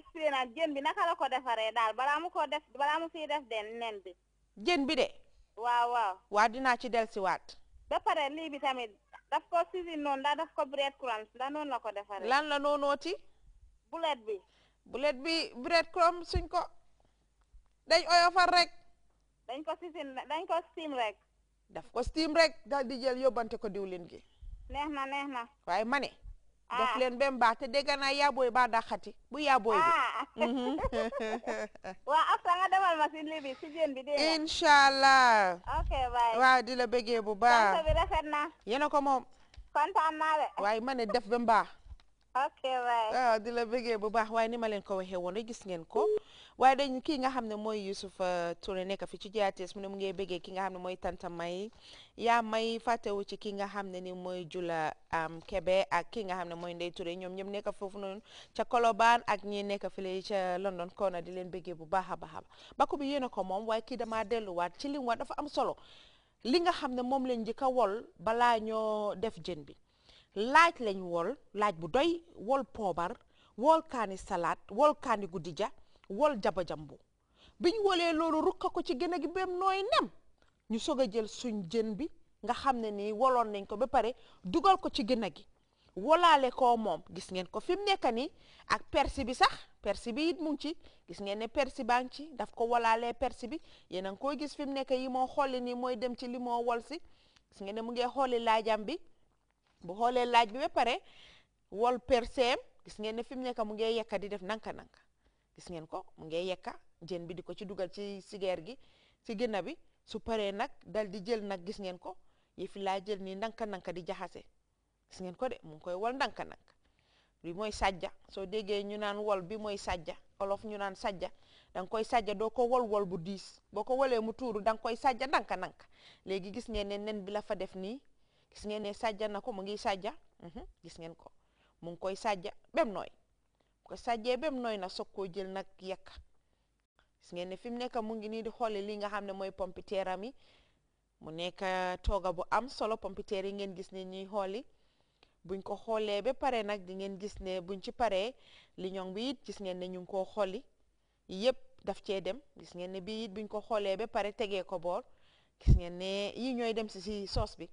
expérience jën bi naka la ko defaree daal balaa mu ko def balaa mu fiy def den nen bi jën bi de waaw waaw waa dinaa ci dellusiwaat ba pare lii bi tamit daf ko cuisine noonu ndax daf ko bread crumbs la noonu la ko defaree lan la noonooti bulet bi bulet bi bread crumbs suñ ko dañ oyofal rek dañ ko cuisine dañ ko steam rek daf ko steam rek dal di jël yóbbante ko diwlin gi neex na neex na waaye ma def ah. leen ba mu baax te dégg naa yaabooy ba daxati bu yaabooy bi. Ah. Mhm. waaw Absa nga demal ma libi si jën bi. incha allah. ok bye. waaw di la bëggee bu ba sant bi ko moom. kontaan naa de. waaye ma ne def ba mu baax. ok ah, di la bëggee bu baax waaye ni ma leen ko waxee woon rek gis ngeen ko waaye dañ kii nga xam ne mooy Youssouf euh, Touré nekk fi ci jaatees mu ne mu ngi bëggee ki nga xam ne mooy tanta may yaa may fàttewu ci ki nga xam ne ni mooy Jula Kebe ak ki nga xam ne mooy Ndey ñoom ñëpp nekk foofu noonu ca Kolobaan ak ñi nekk fii ca London Corner di leen bëggee bu baax a baax a bakku bi yéen ko moom waaye kii damaa delluwaat ci lim mu wax dafa am solo li nga xam ne moom lañ njëkk a wol balaa ñoo def jën bi. laaj lañ wol laaj bu doy wol poobar wol kaani salaat wol kaani ja wol jaba jambu biñ wolee loolu rukka ko ci gën a gi bem nooy nem ñu soog a jël suñ jën bi nga xam ne nii woloon nañ ko ba pare dugal ko ci gën a gi wolaale ko moom gis ngeen ko fi mu nekk nii ak persi bi sax persi bi it mu ngi ci gis ngeen ne persi baa ci daf ko wolaalee persi bi yéen a koo gis fi mu nekk yi moo xooli nii mooy dem ci li moo wol si gis ngeen ne mu ngi xooli laajam bi bu xoolee laaj bi pare wol persem gis ngeen ne fi ka nekk mu di def nanka nanka gis ngeen ko mu ngey yakka jeen bi di ko ci dugal ci sigeer gi ci gënna bi su nak dal di jël nak gis ngeen ko yëfi la jël ni nanka nanka di jaxase gis ngeen ko de mu ngi koy wol nanka nanka bi moy sajja so dege ñu naan wol bi moy sajja olof ñu naan sajja dang koy sajja do ko wol wol bu dis boko ko mu tuuru dang koy sajja nanka nanka legi gis ngeen ne nen bi la fa def ni gisngen isajja nako mungi isajja gisngen mhm. ko mung ko isajja bem noy ko sajje bem noy na sokko jël nak yak gisngen ne fim neka mungi ni di xolle li nga xamne moy pompiterami mu neka toga bu am solo pompiter yi ngeen gis ni ñi xolli buñ ko xolle be pare nak di ngeen gis ne buñ ci pare li ñong bi gis ngeen ne ñu ko xolli yep daf ci dem gis ngeen ne bi buñ ko xolle be pare tege ko bor gis ngeen ne yi ñoy dem ci sauce bi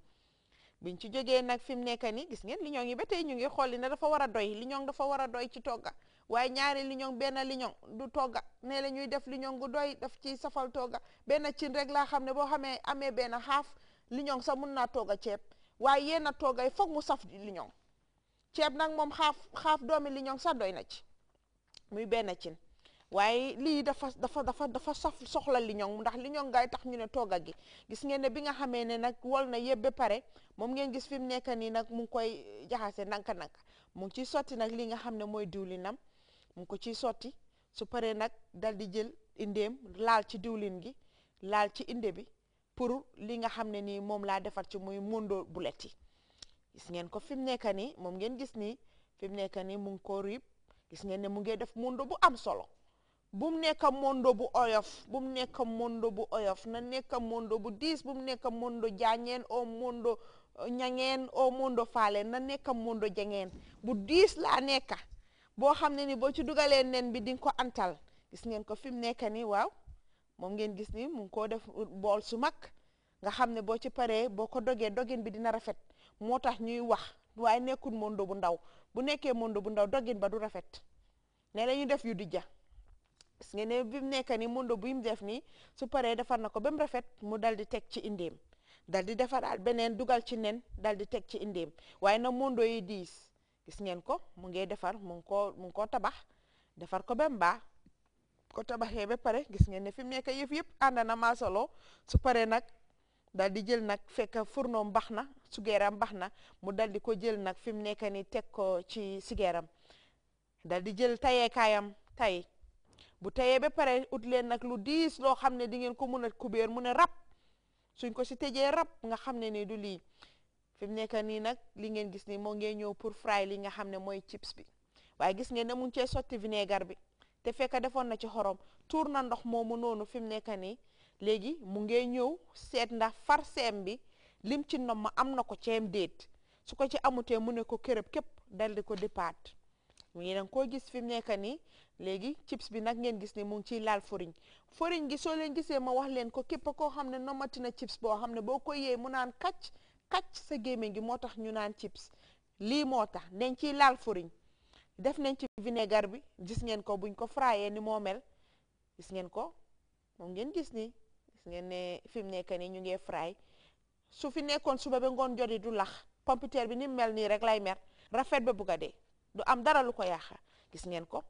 biñ ci jógee nag fi mu nekk ni gis ngeen liñoŋ yi ba tey ñu ngi xool li ne dafa war a doy liñoŋ dafa war a doy ci togga waaye ñaari liñoŋ benn liñoŋ du togga nee la ñuy def liñoŋ gu doy daf ci safal togga benn cin rek laa xam ne boo xamee amee benn xaaf liñoŋ sa mun naa togga ceeb waaye yenn togga yi foog mu saf liñoŋ ceeb nag moom xaaf xaaf doomi liñoŋ sa doy na ci muy benn cin waaye lii dafa dafa dafa dafa saf soxla liñoŋ ndax liñoŋ ngay tax ñu ne tooga gi gis ngeen ne bi nga xamee ne nag wol na yëpp ba pare moom ngeen gis fi mu nekk nii nag mu ngi koy jaxase nanka-nanka mu ngi sotti nag li nga xam ne mooy diwlinam mu ko ciy sotti su paree nag dal di jël indeem laal ci diwlin gi laal ci inde bi pour li nga xam ne nii moom laa defar ci muy mundo bulet yi gis ngeen ko fi mu nekk nii moom ngeen gis nii fi mu nekk nii mu ngi ko riib gis ngeen ne mu ngi def mundo bu am solo bum nekk mondo bu oyof bum nekk mondo bu oyof na nekk mondo bu dis bum nekk mondo jaañeen o mondo eh, ñangeen o mondo fale, na nekk mondo jangeen bu dis la nekk bo xamne ni bo ci dugale nen bi ding ko antal gis ngeen ko fim nekk ngeen gis ni mu ko def bol su mak nga xamne bo ci paree boko ko dogen bi dina rafet motax ñuy wax waaye nekkul mondo bu ndaw bu mondo bu ndaw dogen ba du rafet ne la def yu dijja gis nga ne bi mu nekk nii mundo bi mu def nii su paree defar na ko ba mu rafet mu dal di teg ci indéem dal di defaraat beneen dugal ci nen dal di teg ci indéem waaye na mundo yi gis ngeen ko mu ngee defar mu ngi koo mu koo tabax defar ko ba mu baax ko tabaxee ba pare gis ngeen ne fi mu nekk yëf yëpp ànd na maa su paree nag dal di jël nag fekk furnoom baax na sugeeram baax na mu dal di ko jël nag fi mu nekk nii teg ko ci sigeeram dal di jël tayeekaayam tay bu teyee ba pare ut leen nag lu diis loo xam ne di ngeen ko mun a kubéer mu ne rab suñ ko si tejee rab nga xam ne ni du lii fi mu nekk nii nag li ngeen gis ni moo ngeen ñëw pour fry li nga xam ne mooy chips bi waaye gis ngeen ne mu ngi cee sotti vinaigre bi te fekk defoon na ci xorom tuur na ndox moomu noonu fi mu nekk nii léegi mu ngee ñëw seet ndax far seem bi lim ci nom ma am na ko ceem déet su ko ci amutee mu ne ko kërëb képp dal di ko dipaat mu ngi gis fi nekk nii léegi chips bi nag ngeen gis ni mu ngi ciy laal foriñ foriñ gi soo leen gisee ma wax leen ko képp koo xam ne nomati na chips boo xam ne boo ko yee mu naan kacc kacc sa gémmiñ gi moo tax ñu naan chips lii moo tax dañ ciy laal foriñ def nañ ci vinaigre bi gis ngeen ko buñ ko fraayee ni moo mel gis ngeen ko moom ngeen gis ni gis ngeen ne fi mu nekk nii ñu ngee fraay su fi nekkoon suba ba ngoon joti du lax pompiteer bi ni mel nii rek lay mer rafet ba bugg a du am dara lu ko yàqa gis ngeen ko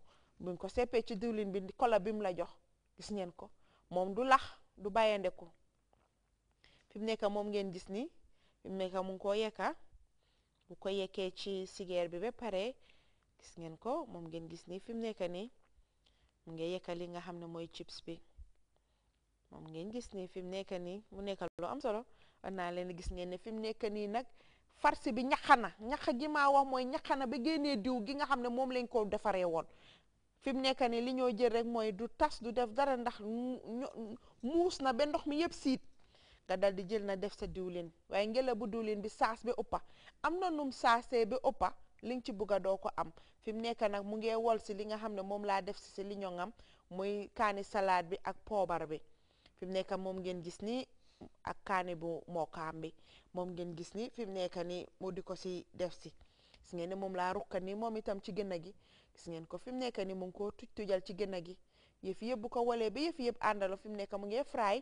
buñ ko seppee ci diwlin bi kola bi mu la jox gis ngeen ko moom du lax du bàyyandeku fi mu nekk moom ngeen gis nii fi mu nekk mu ngi ko yekka bu ko yekkee ci sigeer bi ba pare gis ngeen ko moom ngeen gis ni fi mu nekk ni mu ngi yekka li nga xam ne mooy chips bi moom ngeen gis ni fi mu nekk ni mu nekk lu am solo war naa leen gis ngeen ne fi mu nekk nii nag farce bi ñaxa na ñaxa gi maa wax mooy ñaxa na ba génnee diw gi nga xam ne moom lañ koo defaree woon fi mu nekk ni li ñoo jël rek mooy du tas du def dara ndax muus na ba ndox mi yëpp siit nga dal di jël na def sa diwlin waaye ngela bu diwlin bi saas bi ëppa am na num saasee bi ëppa li nga ci bugg a doo ko am fi mu nekk nag mu ngi wol si li nga xam ne moom laa def si si li ñoo ngam muy kaani salade bi ak poobar bi fi mu nekk moom ngeen gis nii ak kaani bu mookaam bi moom ngeen gis ni fi mu nekk ni mu di ko si def si si ngeen ne moom laa rukka ni moom itam ci gën a gi gis ngeen ko fi mu nekk ni mu ngi koo tuj tujal ci gën gi yëf yëpp bu ko walee ba yëf yëpp àndaloo fi mu nekk mu ngi fry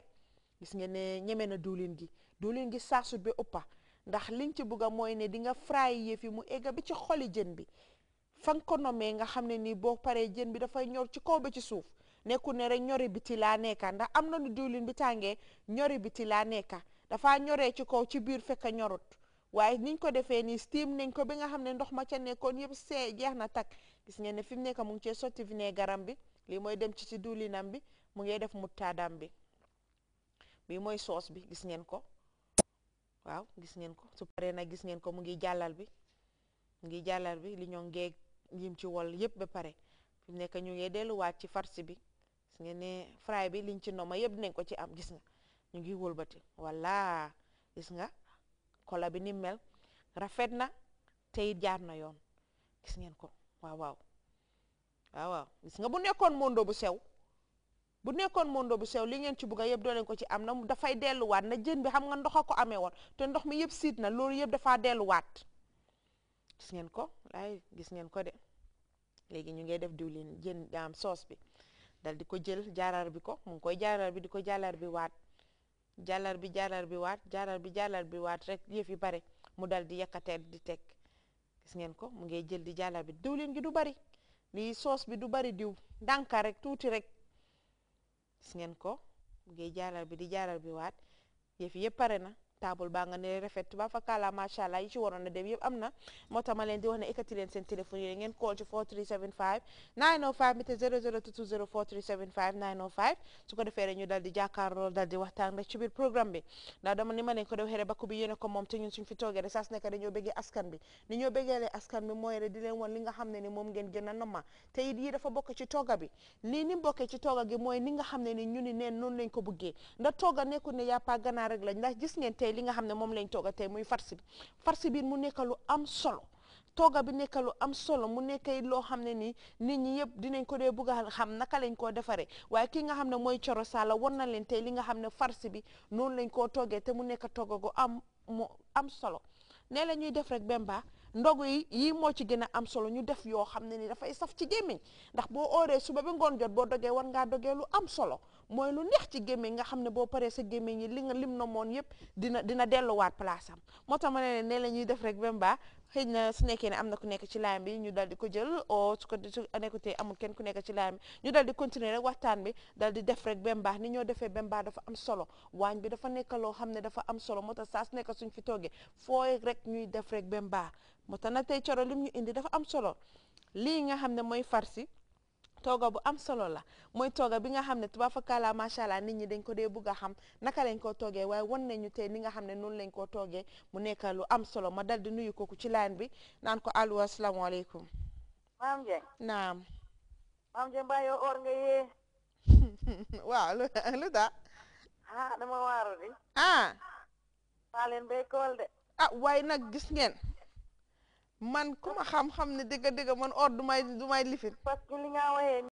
gis ngeen ne ñeme na diwlin gi diwlin gi saasut ba uppa ndax liñ ci bugg a mooy ne di nga fry yëf yi mu egga bi ci xoli jën bi fa ko nomee nga xam ne nii boo paree jën bi dafay ñor ci kaw bi ci suuf nekkul ne rek ñori biti laa nekka ndax am na nu diwlin bi tàngee ñori biti laa nekka dafa ñoree ci kaw ci biir fekk ñorut waaye niñ ko defee nii steam nañ ko bi nga xam ne ndox ma ca nekkoon yëpp see jeex na takk gis ngeen ne fi mu nekk mu ngi cee sotti vinaigre bi lii mooy dem ci ci duulinam bi mu ngi def muttaadam bi bii mooy soos bi gis ngeen ko waaw gis ngeen ko su nag gis ngeen ko mu ngi jàllal bi mu ngi jàllal bi li ñoo ngeeg yim ci wol yëpp ba pare fi mu nekk ñu ngi delluwaat ci farce bi gis ngeen ne fry bi liñ ci noma yëpp dinañ ko ci am gis nga ñu ngi wëlbati walla gis nga kola bi ni mel rafet na te jaar na yoon gis ngeen ko waawaaw waaw gis nga bu nekkoon mondo bu sew bu nekkoon mondo bu sew li ngeen ci bugga yëpp doo leen ko ci am na dafay delluwaat na jën bi xam nga ndox a ko amee woon te ndox mi yëpp siit na loolu yëpp dafaa delluwaat gis ngeen ko ay gis ngeen ko de léegi ñu ngi def diwlin jën am soos bi dal di ko jël jaarar bi ko mu ngi koy jaarar bi di ko jaarar bi waat jàllar bi jàllar bi waat jàllar bi jàllar bi waat rek yëf yi bare mu dal di yàqateel di teg gis ngeen ko mu ngay jël di jàllar bi diwlin gi du bari lii soos bi du bari diw ndànka rek tuuti rek gis ngeen ko mu ngay jàllar bi di jàllar bi waat yëf yëpp pare na table baa nga ne ba fa kala macha allah yi ci waroon na dem yëpp am na moo tax di wax ne ekkati leen seen téléphone call ci oh oh su ko defee rek ñu dal di jàkkaarloo dal di waxtaan rek ci bi ni ma ko defee rek bakku bi yéene ko moom te ñun suñ fi toogee rek saa su nekk dañoo askan bi ni ñoo bëggeelee askan bi mooy rek wan li nga ne ni moom ngeen gën a te it yii dafa bokk ci tooga bi lii ni bokkee ci tooga gi mooy ni nga ne ni ñu ne yàppaa li nga xam ne moom lañ tooga tey muy farsi bi farsi bi mu nekk lu am solo tooga bi nekk lu am solo mu nekk loo xam ne nii nit ñi yëpp dinañ ko dee bëgg a xam naka lañ koo defaree waaye kii nga xam ne mooy Coro Sala won na leen tey li nga xam ne farsi bi noonu lañ koo toogee te mu nekk tooga gu am mu am solo nee la ñuy def rek Bemba ndogu yi yii moo ci gën a am solo ñu def yoo xam ne ni dafay saf ci gémmiñ ndax boo ooree suba bi ngoon jot boo dogee war ngaa dogee lu am solo mooy lu neex ci gémmiñ nga xam ne boo paree sa gémmiñ yi li nga lim na moon yëpp dina dina delluwaat place am moo tax ma ne ne la ñuy def rek bem baa xëy na su nekkee ne am na ku nekk ci laam bi ñu dal di ko jël o su ko su nekkutee amul kenn ku nekk ci laam ñu dal di continuer rek waxtaan bi dal di def rek baax ni ñoo defee bem baax dafa am solo waañ bi dafa nekk loo xam ne dafa am solo moo tax saa su nekk suñ fi toogee foo rek ñuy def rek bem baax moo tax nag tey coro lim ñu indi dafa am solo lii nga xam ne mooy farsi tooga bu am solo la mooy tooga bi nga xam ne tubaab fakala macha allah nit ñi dañ ko dee bugg a xam naka lañ koo tooge waaye wan nañu tey li nga xam ne noonu lañ koo tooge mu nekk lu am solo ma dal di ko kooku ci laan bi naan ko allo asalaamaaleykum. maam Dieng. naam. maam Dieng mbaa yow or nga yee. waaw lu tax. Ah, ah. ah waaye nag gis ngeen. man ku ma xam-xam ne dëgg dëgg man or du may du may lifin. parce que li nga waxee